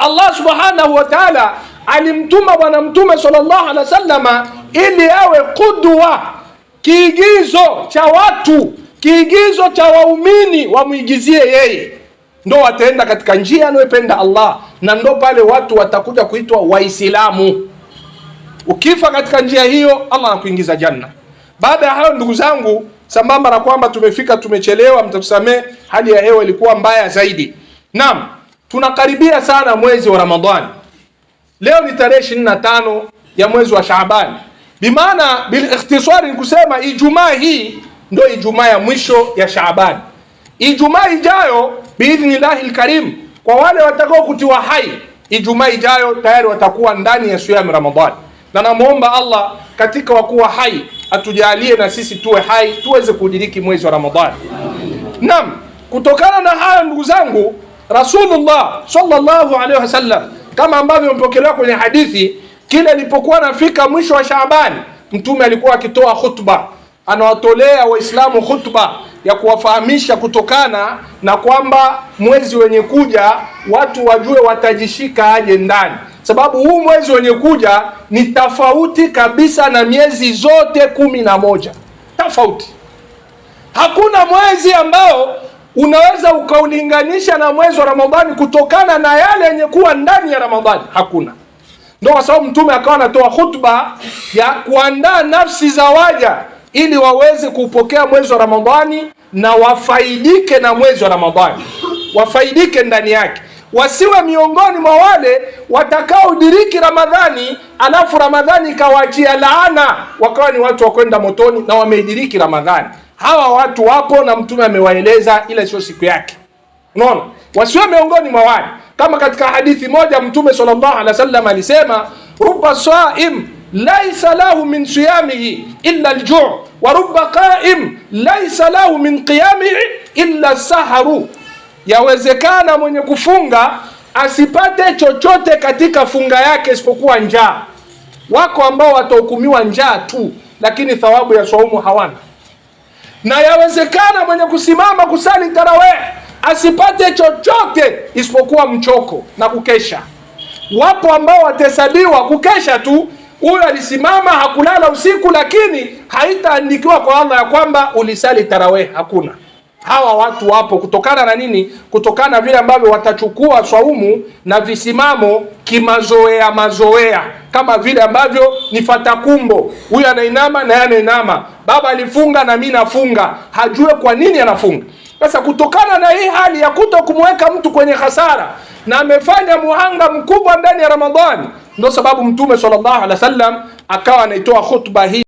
Allah subhanahu wa taala alimtuma Bwana Mtume sallallahu alaihi wasallam ili awe kudwa, kiigizo cha watu, kiigizo cha waumini, wamwigizie yeye, ndo wataenda katika njia anayopenda Allah, na ndo pale watu watakuja kuitwa Waislamu. Ukifa katika njia hiyo, Allah anakuingiza janna. Baada ya hayo, ndugu zangu, sambamba na kwamba tumefika, tumechelewa, mtatusamee, hali ya hewa ilikuwa mbaya zaidi. Naam. Tunakaribia sana mwezi wa Ramadhani. Leo ni tarehe ishirini na tano ya mwezi wa Shaabani, bimaana bil ikhtisari ni kusema Ijumaa hii ndio Ijumaa ya mwisho ya Shaabani. Ijumaa ijayo biidhnillahi lkarim, kwa wale watakao kutiwa hai, Ijumaa ijayo tayari watakuwa ndani ya siyamu Ramadhani, na namwomba Allah katika wakuwa hai atujalie na sisi tuwe hai tuweze kudiriki mwezi wa Ramadhani. Naam, kutokana na haya ndugu zangu Rasulullah sallallahu alaihi wasallam, kama ambavyo mpokelewa kwenye hadithi, kila ilipokuwa nafika mwisho wa Shaaban, mtume alikuwa akitoa khutba, anawatolea Waislamu khutba ya kuwafahamisha kutokana na kwamba mwezi wenye kuja watu wajue watajishika aje ndani, sababu huu mwezi wenye kuja ni tofauti kabisa na miezi zote kumi na moja tofauti. Hakuna mwezi ambao unaweza ukaulinganisha na mwezi wa Ramadhani kutokana na yale yenye kuwa ndani ya Ramadhani? Hakuna. Ndio kwa sababu Mtume akawa anatoa hutuba ya kuandaa nafsi za waja ili waweze kupokea mwezi wa Ramadhani na wafaidike na mwezi wa Ramadhani, wafaidike ndani yake wasiwe miongoni mwa wale watakaodiriki Ramadhani alafu Ramadhani ikawajia laana, wakawa ni watu wa kwenda motoni na wameidiriki Ramadhani. Hawa watu wapo na Mtume amewaeleza, ila sio siku yake. Unaona, wasiwe miongoni mwa wale kama katika hadithi moja Mtume sallallahu alaihi wasallam alisema, ruba saim laisa lahu min siyamihi illa aljuu wa ruba qaim laisa lahu min qiyamihi illa saharu yawezekana mwenye kufunga asipate chochote katika funga yake isipokuwa njaa. Wako ambao watahukumiwa njaa tu, lakini thawabu ya swaumu hawana. Na yawezekana mwenye kusimama kusali tarawih asipate chochote isipokuwa mchoko na kukesha. Wapo ambao watahesabiwa kukesha tu. Huyo alisimama hakulala usiku, lakini haitaandikiwa kwa Allah ya kwamba ulisali tarawih. Hakuna hawa watu wapo kutokana na nini? Kutokana na vile ambavyo watachukua swaumu na visimamo kimazoea mazoea, kama vile ambavyo ni fatakumbo, huyu anainama na yeye anainama, baba alifunga na mimi nafunga, hajue kwa nini anafunga. Sasa kutokana na hii hali ya kuto kumweka mtu kwenye hasara na amefanya muhanga mkubwa ndani ya Ramadhani, ndio sababu Mtume sallallahu alaihi wasallam akawa anaitoa khutba hii.